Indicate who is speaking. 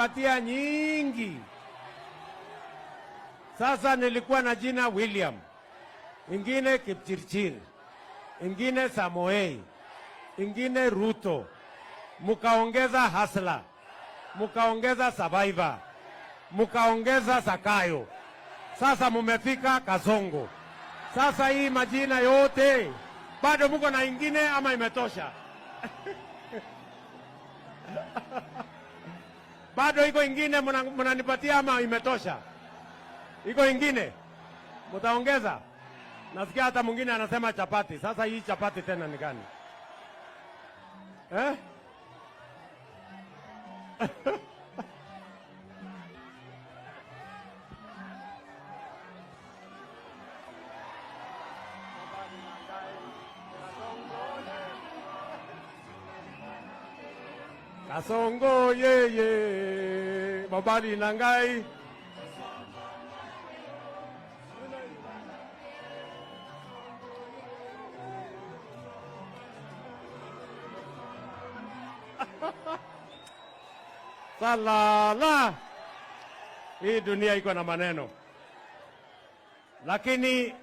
Speaker 1: alinipatia nyingi. Sasa nilikuwa na jina William, ingine Kipchirchir, ingine Samoei, ingine Ruto, mukaongeza Hasla, mukaongeza Survivor, mukaongeza Sakayo, sasa mumefika Kasongo. Sasa hii majina yote bado muko na ingine ama imetosha? Bado iko ingine mnanipatia ama imetosha? Iko ingine mtaongeza? Nasikia hata mwingine anasema chapati. Sasa hii chapati tena ni gani eh? Kasongo yeye Babali Nangai salala. Hii dunia iko na maneno lakini